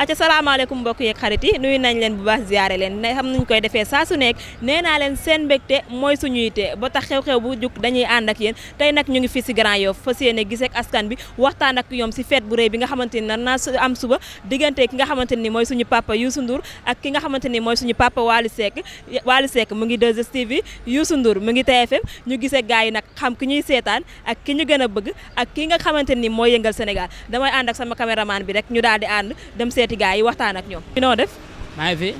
aca salaamaaleykum mbokk yeeg xarit yi nuyu nañ leen bu baax ziyaare leen xam nuñ koy defee saa su nekk nee naa leen seen mbégte mooy suñuy te ba tax xew-xew bu jug dañuy ànd ak yéen tey nag ñu ngi fii si Grand Yoff fas yéene gis ak askan bi waxtaan ak ñoom si fête bu rëy bi nga xamante ni nar naa am suba diggante ki nga xamante ni mooy suñu papa Youssou Ndour ak ki nga xamante ni mooy suñu papa Wally seek Wally Seck mu ngi 2STV Youssou Ndour mu ngi TFM ñu gisee gars yi nag xam ki ñuy seetaan ak ki ñu gën a bëgg ak ki nga xamante ni mooy yëngal Sénégal damay ànd sama caméraman bi rek ñu daal di ànd dem seet seeti gars yi waxtaan ak ñoom. noo def. maa ngi fi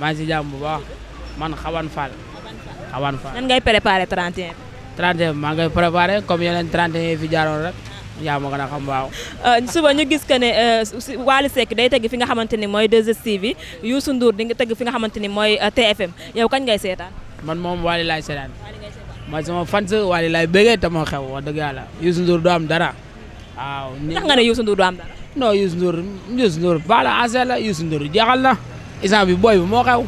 maa ngi si jàmm bu baax man xawan Fall. xawan Fall ngay préparé 31. 31 maa ngay préparé comme yeneen 31 yi fi jaaroon rek. Ah. a euh, ñu gis que ne euh, Wally Seck day teg fi nga xamante ni mooy 2STV Youssou Ndour di nga teg fi nga xamante ni mooy euh, TFM yow kañ ngay seetaan. man moom Wally laay seetaan. man sama fans Wally laay bëggee te moo xew wax dëgg yàlla Youssou Ndour du am dara. Hmm. waaw. ndax nga ne Youssou Ndour du dara. non Youssou Ndour Youssou Ndour bala ancien la na instant bi booy bi moo xew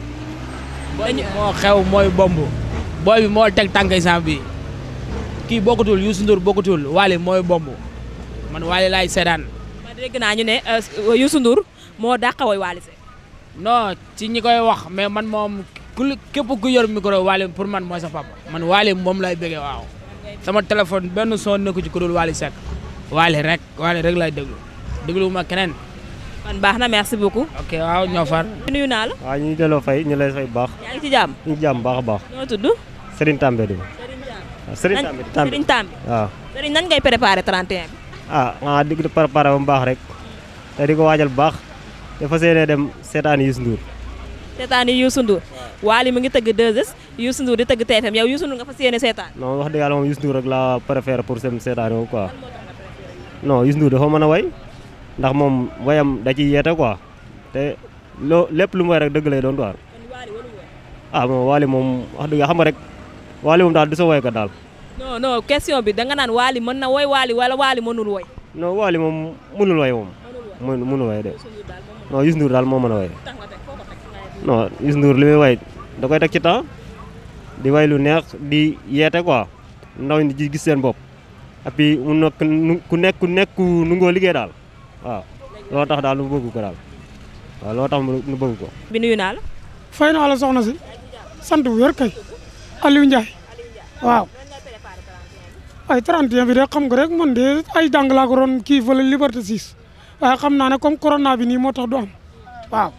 moo xew mooy bomb booy bi moo teg tànk instant bi kii bokkutul Youssou Ndour bokkutul Wally mooy bomb man Wally laay seetaan man dégg naa ñu ne euh, euh, Youssou moo dàqa woy Wally Seck non ci ñi koy wax mais man moom ku képp ku yor micro Wally pour man mooy sa papa man Wally moom lay bëggee waaw sama téléphone benn son nekku ci ku dul Wally Seck Wally rek Wally rek lay déglu dégluwuma keneen. kon baax na merci beaucoup. ok waaw ñoo far. nuyu naa la. waaw ñu ngi delloo fay ñu lay fay bu baax. yaa ngi ci jàmm. ñu ngi ci jàmm baax a baax. ñoo tudd. Serigne Tambe di ma. Serigne Tambe ah, Serigne Tambe waaw. Ah. Serigne nan ngay préparé 31 bi. ah ah di ko préparé ba mu baax rek. te di ko waajal bu baax. dafa seenee dem seetaan Youssou Ndour. seetaan yi Youssou Ndour. waaw li mu ngi tëgg 2S Youssou Ndour di tëgg TFM yow Youssou Ndour nga fa séenee seetaan. non wax dëgg yàlla moom Youssou Ndour rek laa préféré pour seen seetaan quoi. non Youssou Ndour dafa mën a way ndax moom wayam da ci yeete quoi te loo lépp lu mu way rek dëgg lay doon quoi ah moom waali moom wax dëgg xam nga rek waali moom daal du sa woy ko daal. non bi da nga naan waali mën na woy waali wala waali mënul woy. non waali moom mënul woy moom. mënul mënul woy de non Youssou Ndour daal moo mën a woy. non Youssou Ndour li muy woy da koy teg ci temps di way lu neex di yeete quoi ndaw ñi ji gis seen bopp et puis mu nekk ku nekk ku nekk nu ngoo liggéey daal. waaw loo tax daal nu bëgg ko daal waaw loo tax nu bëgg ko. bi nuyu naa la. fay naa la soxna si sant bu wér kay Aliou Ndiaye waaw ay 31 bi de xam nga rek man de ay jàng laa ko doon kii fële Liberté 6 waaye xam naa ne comme corona bi nii moo tax du am waaw.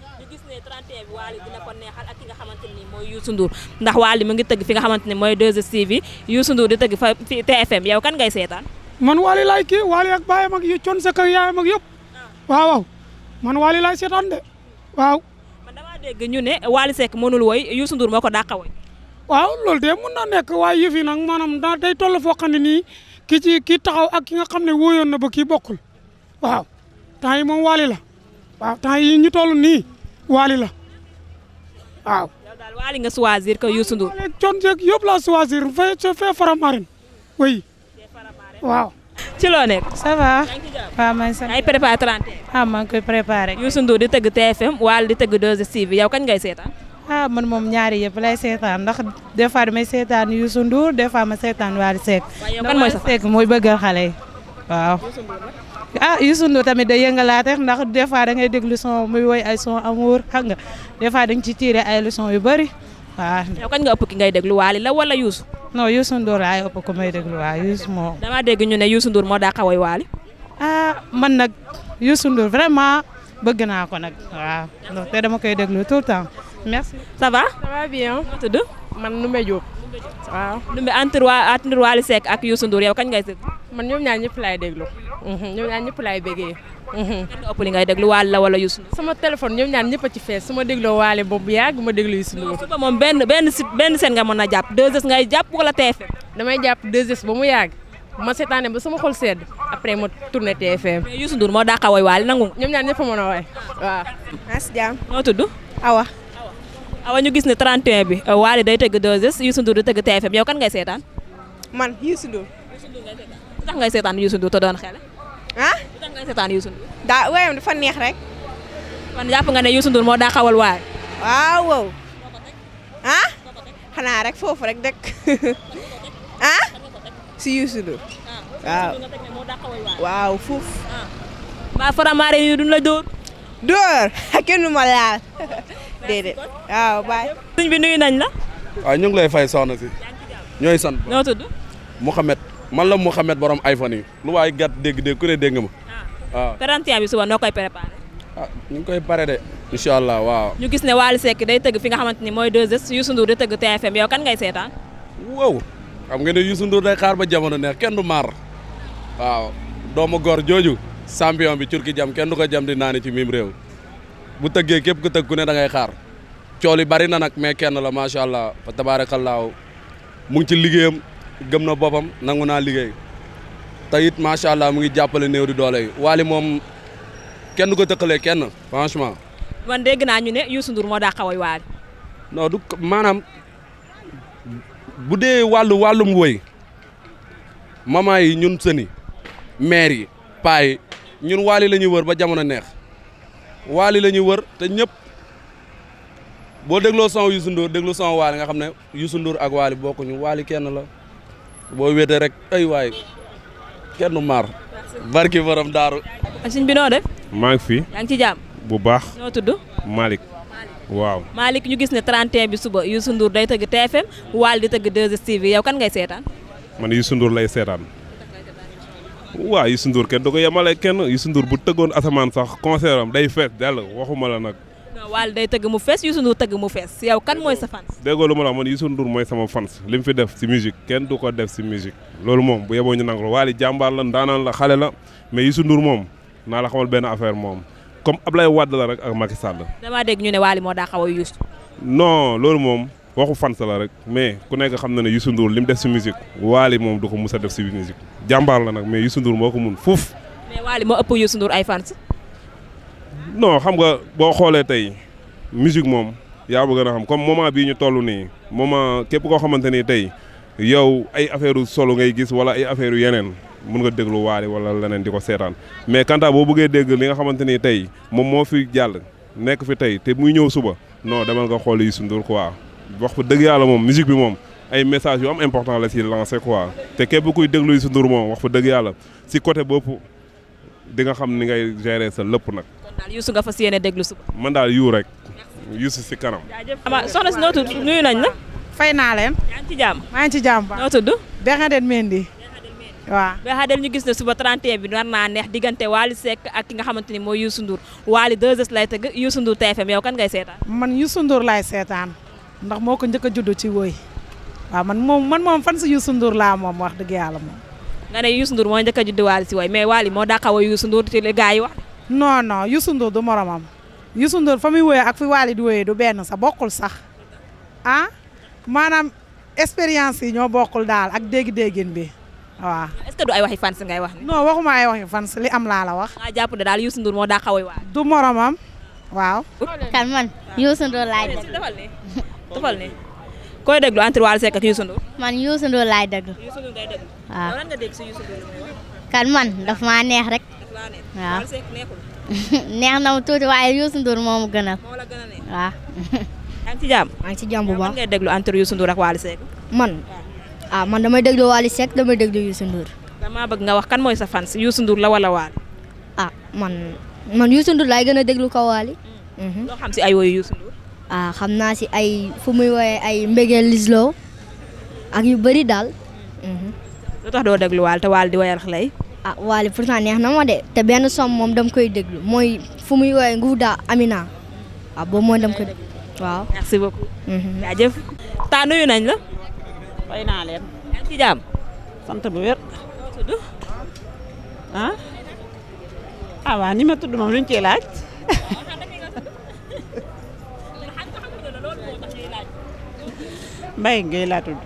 waali dina ko neexal ak ki nga xamante ni mooy Youssou Ndour ndax waali mu ngi tëgg fi nga xamante ni mooy 2STV Youssou Ndour di tëgg fa fi TFM yow kan ngay seetaan man waali laay kii waali ak baayam ak yu con sa kër yaayam ak yëpp waaw man Waly laay seetaan de waaw. man damaa dégg ñu ne Waly Seck mënul woy Youssou Ndour moo ko dàqa woy. waaw loolu de mun naa nekk waaye yëf yi nag maanaam daa day toll foo xam ne nii ki ci ki taxaw ak ki nga xam ne wóoyoon na ba kii bokkul waaw temps yi moom Waly la waaw yi ñu toll nii Waly la waaw. yow daal Waly nga choisir que Youssou Ndour. waaw léegi coono yëpp laa choisir fee fee Faramareen oui waaw. ci loo nekk. ça va. maa ngi sant. ay préparé 31. ah maa ngi koy préparé. Youssou di tëgg TFM Wally di tëgg 2STV yow kañ ngay seetaan. ah man moom ñaari yëpp lay seetaan ndax des fois may seetaan Youssou Ndour des fois ma seetaan Wally Seck. waaw yow kan mooy sa fan xale yi waaw. ah Youssou tamit day yëngalaat rek ndax des fois da ngay déglu son muy woy ay son amour xam nga des fois ci tiire ay leçon yu bëri. waaw ah. kañ nga ëpp ki ngay déglu Waly la wala Youssou. non Youssou Ndour laay ëpp ko may déglu waa Youssou moo. damaa dégg ñu ne Youssou Ndour moo daa xaway Waly. ah man nag Youssou Ndour vraiment bëgg naa ko nag waaw te dama koy déglu tout le temps merci. ça bien. ma tudd man Ndoumbe Diop. waaw Ndoumbe entre waa entre Waly Seck ak Youssou Ndour yow kañ ngay déglu. man ñoom ñaar ñëpp laay déglu. Mm-hmm. ñoom ñaar ñëpp laay bëggee. Mm-hmm. kenn ëpp li ngay déglu Wally la wala Youssou sama téléphone ñoom ñaar ñëpp ci fees su ma dégloo Wally boobu yàgg ma déglu Youssou Ndour. suba benn benn si benn seen nga jàpp 2S ngay jàpp wala TFM. damay ba mu yàgg ma seetaane ba sama xol sedd après ma tourné TFM. mais Youssou Ndour moo dàqa woy Wally nangu. a mën a woy waaw. as Awa. Awa ñu gis ne 31 bi euh, waale day tëgg 2S Youssou Ndour di tëgg TFM yow kan ngay seetaan. man Youssou Ndour. Youssou Ndour ngay seetaan. ndax ngay seetaan Youssou Ndour te doon xel ngay seetaan daa waayam dafa neex rek. man jàpp nga ne Youssou moo daa xawal waay. waaw wow. Ah? rek foofu rek dëkk. ah. si Youssou Ndour. Ah. waaw ah. mbaa faramaare yi duñ la dóor. dóor kenn ma laal déedéet waaw baay. suñ bi nuyu nañ la. waaw ñu ngi lay fay soxna si. ñooy sant. noo tudd. Mouhamed man la borom iPhone yi. lu waay gàtt dégg-dégg ku ne waaw 31 bi suba noo koy préparé. Ah, ñu ngi koy pare de. incha allah waaw. ñu gis ne Wally Seck day tëgg fi nga xamante ni mooy 2S Youssou de di tëgg TFM yow kan ngay seetaan. wow xam nga ne Youssou Ndour day xaar ba jamono ne kenn du maar waaw doomu góor jooju champion bi turki jam kenn du ko jam di naani ci mim réew bu tëggee képp ku tëgg ku ne da ngay xaar cool yi bari na nag mais kenn la macha allah fa tabaarakallaahu mu ngi ci liggéeyam gëm na boppam nangu naa liggéey. te it macha allah mu ngi jàppale néew di doole yi moom kenn du ko tëkkalee kenn franchement. man dégg naa ñu ne Youssou Ndour moo daa xaw a Wally. non du maanaam bu dee wàllu wàllum woy maman yi ñun sëni maire yi paa ñun Wally lañuy wër ba jamono neex Wally lañuy wër te ñëpp boo dégloo son Youssou Ndour déglu son Wally nga xam ne Youssou Ndour ak Wally bokkuñu Wally kenn la boo wéete rek ay waay kenn maar. barki borom daaru. sëñ bi noo def. maa ngi fi. yaa ci jàmm. bu baax. noo tudd. Malick. waaw. Malick ñu gis ne 31 bi suba yu sunduur day tëgg TFM Waal di tëgg 2STV yow kan ngay seetaan. man yu sunduur lay seetaan. waaw Youssou Ndour kenn du ko yemale kenn Youssou Ndour bu tëggoon asamaan sax concert am day fees dell waxuma la nag. non Wally day tëgg mu fees Youssou Ndour tëgg mu fees yow kan mooy sa fans. déggoo lu ma la man Youssou Ndour mooy sama fans li fi def si musique kenn du ko def si musique loolu moom bu yeboo ñu nangu Wally jàmbaar la ndaanaan la xale la mais Youssou Ndour moom naa la xamal benn affaire moom comme Ablaye la rek ak Macky Sall. damaa dégg ñu ne Wally daa a Youssou. loolu moom waxu fans la rek mais ku nekk xam na ne Youssou Ndour li mu def si musique Wally moom du ko mus def si musique jàmbaar la nag mais Youssou Ndour moo ko mun fuuf. mais Wally moo ëpp Youssou Ndour non xam nga boo xoolee tey musique moom yaa bëgg a xam comme moment bii ñu toll nii moment képp koo xamante ni tey yow ay affaire solo ngay gis wala ay affaire yeneen mun nga déglu waale wala leneen di ko seetaan mais kanta boo buggee dégg li nga xamante ni tey moom moo fi jàll nekk fi tey te muy ñëw suba non demal nga xool Youssou Ndour quoi wax fa dëgg yàlla moom musique bi moom ay message yu am important la si lancé quoi te képp kuy déglu Youssou Ndour moom wax fa dëgg yàlla si côté bopp di nga xam ni ngay gérer sa lépp nag man daal Youssou nga fas yéene déglu suba. man daal yu rek. Youssou si kanam. ama soxna si noo tudd nuyu nañ la. fay naa leen. yaa ngi maa ngi ci jàmm ba. noo tudd. Bernadette Mendy. waaw Bernadette ñu gis ne suba 31 bi nar naa neex diggante Wally Seck ak ki nga xamante ni mooy Youssou Ndour Wally 2S lay tëgg Youssou Ndour TFM yow kan ngay seetaan. man Youssou Ndour laay seetaan ndax moo ko njëkk juddu ci woy waaw man moom man moom fan si Youssou Ndour laa moom wax dëgg yàlla moom. nga ne Youssou Ndour moo njëkk a judd si woy mais Wally moo dàqa woy Youssou Ndour non non Youssou Ndour du moromam Youssou Ndour fa muy woyee ak fi Wally di woyee du benn sax bokkul sax ah maanaam expérience yi ñoo bokkul daal ak dégg-déggin bi waaw. est-ce que du ay waxi fans ngay wax. non waxuma ay waxi fans li am laa la wax. jàpp ne daal Youssou Ndour moo daa xaw a du moromam waaw. kan man Youssou Ndour laay déglu. dafal ne koy déglu entre Wally Seck ah. daf maa neex rek. neex na mu tuuti waaye Youssou Ndour moomu gënal. waaw. yaa ngi ci jàmm. maa ngi déglu entre Youssou Ndour ak man ah man damay déglu Wally Seck damay déglu Youssou Ndour. damaa bëgg nga wax kan mooy sa fan si Youssou la wala Wally. man man Youssou Ndour laay gën a déglu ko Wally. si ay woyu Youssou Ndour. ah xam naa si ay fu muy woyee ay mbégeel lisloo ak yu bari daal. lu tax doo déglu Wally te Wally di woyal xale ah waale pourtant neex na ma de te benn som moom dam koy déglu mooy fu muy woowee Ngouda Amina waaw ah, boobu mooy dam koy déglu waaw. merci beaucoup. Mhm. jaajëf. nañ la. fay naa leen. yaa ngi bu wér. ah. ah ni ma tudd moom luñ cee laaj. mbay ngay laa tudd.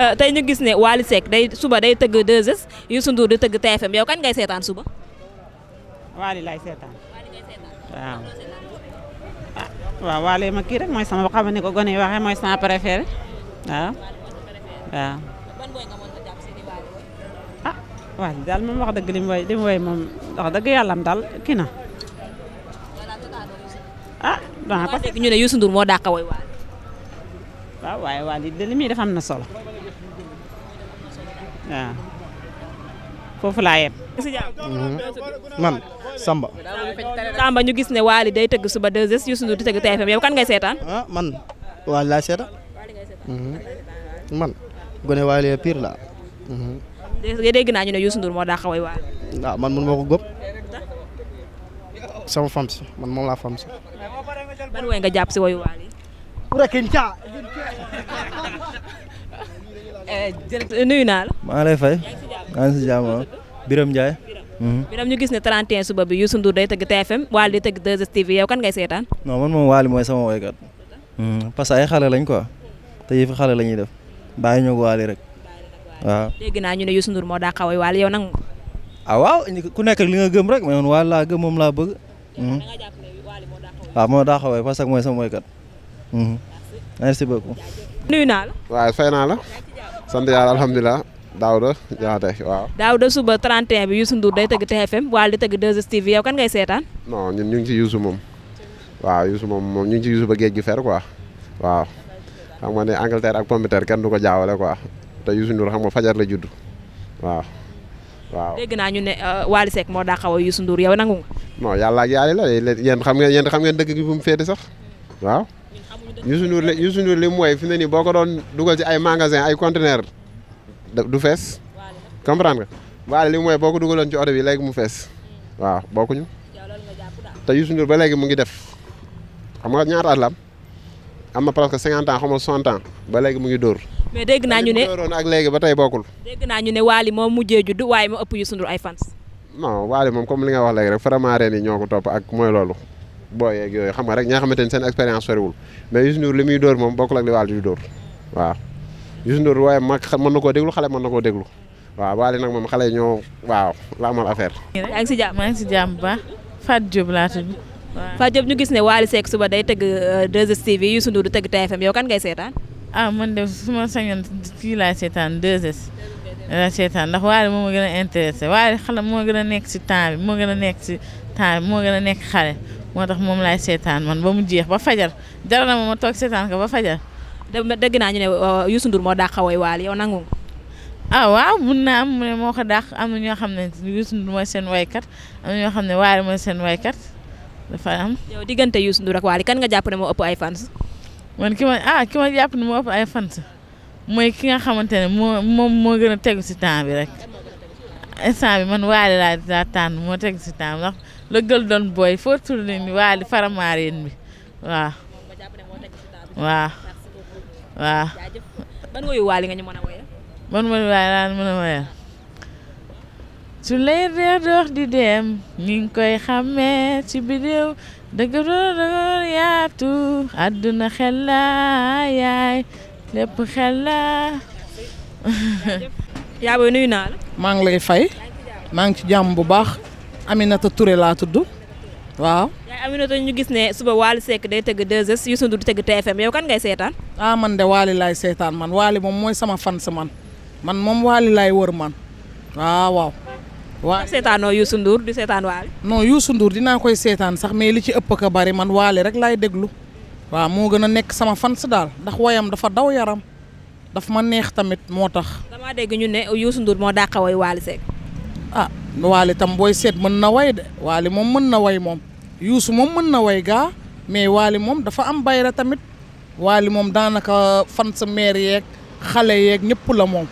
Euh, tey ñu gis ne Wally Seck day suba day tëgg 2S Youssou di tëgg TFM yow kañ ngay seetaan suba. Wally lay seetaan. waaw. ah waaw Wally ma kii rek mooy xam ne ko gone yi ah, daal moom wax dëgg li mu woy li moom wax dëgg yàlla am daal kii na. ah danaa ko. ñu ne Youssou Ndour moo dàqa woy Wally. waaw waaye Wally li muy def na solo. waaw ah. foofu laa yem. Mhm. man Samba. Samba ñu gis ne Waly day tëgg suba 2S Youssou Ndour di tëgg TFM yow kan ngay seetaan. ah man Waly laa seetaan. Mhm. man gone Waly pire la mhm. dégg naa ñu ne Youssou Ndour moo daa xaw a waal. waaw ah, man mun moo ko góob sama man moom laa fam nuyu naa la. maa ngi lay fay. maa ngi si jàmm Birame Ndiaye. Mhm. Birame ñu gis ne 31 suba bi Youssou Ndour day tëgg TFM Wally di tëgg 2STV yow kan ngay seetaan. non man moom Wally mooy sama woykat. Mhm. parce que ay xale lañ ko te yëfi xale la ñuy def bàyyi ñoo waal Wally rek waaw. dégg naa ñu ne Youssou Ndour moo daa xaw a Wally yow nag. ah waaw ku nekk li nga gëm rek mais man laa gëm moom laa bëgg. Mhm. waaw moo daa xaw a parce que mooy sama woykat. merci beaucoup. nuyu naa la. waaw fay naa la. sant yàlla alhamdulilah Daouda Diakhaté waaw. Daouda suba 31 bi Youssou Ndour day tëgg TFM wala di tëgg 2STV yow kan ngay seetaan. non ñun ñu ngi moom waaw Youssou moom moom ñu ngi ci ba géej gi fer quoi waaw xam nga ne Angleterre ak pomme kenn du ko jaawale quoi te Youssou Ndour xam nga fajar la judd waaw. waaw dégg naa ñu ne euh, Wally Seck moo daa xaw a Youssou Ndour yow nangu nga. non yàlla ak yàlla la yéen xam ngeen yéen xam ngeen dëgg gi bu mu féete sax Youssou Ndour li Youssou Ndour mu woy fi mu ne nii boo ko doon dugal ci ay magasin ay conteneur du fees comprendre nga waaye li mu woy boo ko dugaloon ci oto bi léegi mu fees waaw bokkuñu te Youssou Ndour ba léegi mu ngi def xam nga ñaata at la am am na presque cinquante ans ba léegi mu ngi dóor. mais dégg naa ñu ne ak léegi ba tey bokkul. dégg naa ñu ne Wally moo mujjee judd waaye mu ëpp Youssou Ndour ay fans. non Wally moom comme li nga wax léegi rek vraiment ren yi ñoo ko topp ak mooy loolu. boo yeeg yooyu xam nga rek ñaa nga xamante ni seen expérience soriwul mais Youssou Ndour li muy dóor moom bokkul ak li Wally di dóor waaw Youssou Ndour waaye mag mën na koo déglu xale mën na koo déglu waaw Wally nag moom xale ñoo waaw la amal affaire. ak si jàmm ak si jàmm bu baax Fatou Diop laa tudd. waaw Fatou ñu gis ne Wally seek suba day tëgg euh, 2STV Youssou Ndour du tëgg TFM yow kan ngay seetaan. ah man de su ma sañoon kii laay seetaan 2S. seetaan ndax waali moom moo gën a intéressé waali xale moo gën a nekk si temps bi moo gën a nekk si temps bi moo gën a nekk xale moo tax moom laay seetaan man ba mu jeex ba fajar jar na ma ma toog seetaan ko ba fajar. dëgg naa ñu ne uh, Youssou ndur moo dàq woy waali yow nangu ah waaw mun am mu ne am na ñoo xam ne Youssou mooy seen waykat am na xam ne waali mooy seen waykat dafa am. yow diggante Youssou Ndour ak waali kan nga jàpp ne moo ëpp ay fans. man ki ma ah ki moo ëpp ay fans. mooy ki nga xamante ne moo moom moo gën a tegu si temps bi rek instant bi man waali laa daa tànn moo tegu si temps la gël doon booy foo tourné ni waali faramaareen bi waaw waaw waaw ban woyu waali laa mën a woyal su lay reer dox di dem ñi ngi koy xàmmee si bidéew dëgg yaatu àdduna xel laa yaay lépp xel la. yaa nuyu naa la. maa ngi lay fay. maa ngi ci jàmm bu baax. Aminata ture laa tudd. waaw. yaay Aminata ñu gis ne suba Waly Seck day tëgg 2S Youssou Ndour di tëgg TFM yow kan ngay seetaan. ah man de Waly laay seetaan man Waly moom mooy sama fan sa man moom Waly laay wër man waaw waaw. waaw seetaanoo Youssou Ndour di seetaan Waly. non Youssou Ndour dinaa koy seetaan sax mais li ci ëpp ko bari man Waly rek laay déglu. waaw moo gën a nekk sama fans daal ndax woyam dafa daw yaram dafa ma neex tamit moo tax. damaa dégg ñu ne Youssou Ndour moo dàqa woy Waly Seck. ah Waly tam booy seet mën na woy de Waly moom mën na woy moom Youssou moom mën na woy gaa mais Waly moom dafa am bayra tamit Waly moom daanaka fans meer yeeg xale yeeg ñëpp la moom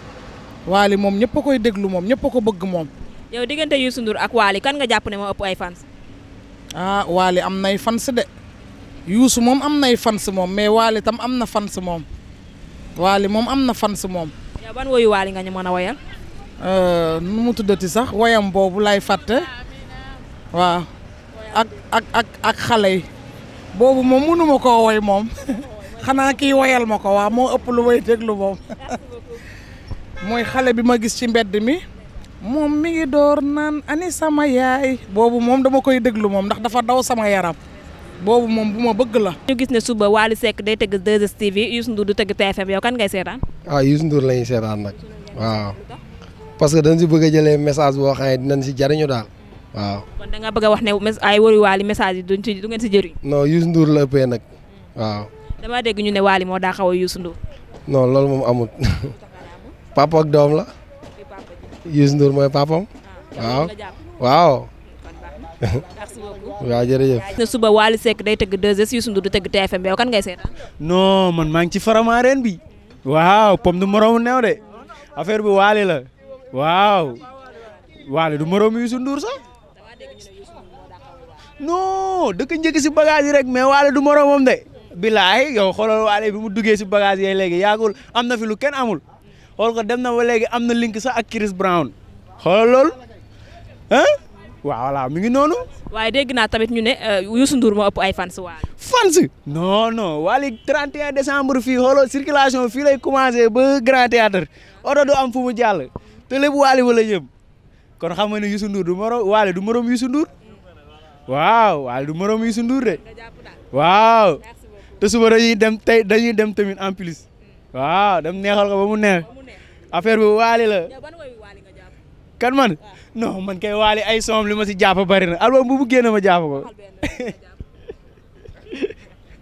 Waly moom ñëpp a koy déglu moom ñëpp ko bëgg moom. yow diggante Youssou Ndour ak Waly kan nga jàpp ne moo ëpp ay fans. ah am nay fan yuusu moom am nay fans moom mais waali tam am na fans moom waali moom am na fans moom. yow ban woyu waali nga ñu mën a woyal. Euh, nu mu tuddati sax woyam boobu lay fàtte waaw ak ak ak xale yi boobu moom mënuma koo woy moom xanaa kii woyal ma ko waa moo ëpp lu may déglu moom mooy xale bi ma gis ci mbedd mi moom mi ngi door naan ani sama yaay boobu moom dama koy déglu moom ndax dafa daw sama yaram boobu moom bu ma bëgg la. gis ne suba Wally sekk day tëgg 2STV Youssou Ndour du tëgg TFM yow kan ngay seetaan. waaw ah, Youssou Ndour la ñuy seetaan nag waaw parce que dañ si bëgg a jëlee message boo xam ne dinañ si jariñu daal waaw. kon da nga bëgg wax ne ay wari Wally message yi duñ si du ngeen si jëriñ. non Youssou Ndour la ëppee nag waaw. damaa dégg ñu ne Wally moo daa xaw a Youssou Ndour. non loolu moom amul papa ak doom la Youssou Ndour mooy papam ah, waaw. merci beaucoup waaw jërëjëf. ne suba Wally Seck day tëgg 2S Youssou Ndour di tëgg TFM yow kan ngay seetaan. non man maa ngi ci faramareen bi. waaw pom du moromu neew de affaire bi Wally la waaw Wally du moromu Youssou Ndour sax. non dëkk njëkk si bagage yi rek mais Wally du moromam de. bilaay yow xoolal Wally bi mu duggee si bagage yee léegi yaagul am na fi lu kenn amul xool ko dem na ba léegi am na link sax ak Chris Brown xoolal loolu. waaw voilà mu ngi noonu. waaye dégg naa tamit ñu ne euh, Youssou Ndour moo ay fans waali. fans non non Wally 31 décembre fii xoolal circulation fii lay commencé ba Grand Théâtre oto du am fu mu jàll te lépp Wally wala yëpp kon xam nga ne Youssou Ndour du morom Wally du morom Youssou Ndour waaw Wally du morom Youssou Ndour de waaw te suba dañuy dem tey dañuy dem tamit en plus waaw dem neexal ko ba mu neex affaire bi Wally la kan non man kay waali ay soom li ma si jàpp bari na album bu bu génn ma jàpp ko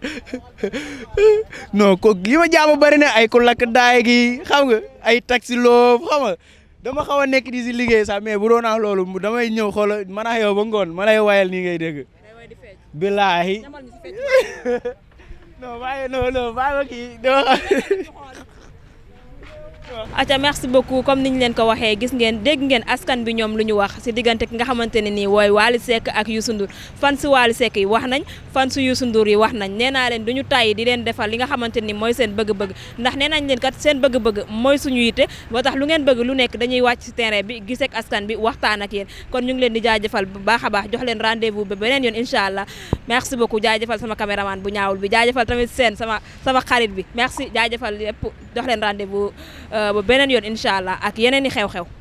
non ko li ma bari na ay ku lakk daay gi xam nga ay taxi loof xam dama xaw a nekk di si liggéey sax mais bu doon naa loolu damay ñëw xoola man ak yow ngoon ma lay wayal nii ngay dégg billaahi non aca merci beaucoup comme ni ñu leen ko waxee gis ngeen dégg ngeen askan bi ñoom lu ñu wax si diggante ki nga xamante ne nii wooy Wally Seck ak Youssou Ndour fan si Wally sekk yi wax nañ fan si Youssou Ndour yi wax nañ nee naa leen du ñu tàyyi di leen defal li nga xamante ni mooy seen bëgg-bëgg ndax nee nañ leen kat seen bëgg-bëgg mooy suñu yite boo tax lu ngeen bëgg lu nekk dañuy wàcc si terrain bi giseek askan bi waxtaan ak yéen kon ñu ngi leen di jaajëfal bu baax a baax jox leen rendez-vous ba beneen allah merci beaucoup jaajëfal sama caméraman bu ñaawul bi jaajëfal tamit seen sama sama xarit bi merci jaajëfal yëpp jox leen rendez-vous euh, ba beneen yoon incha allah ak yeneen i xew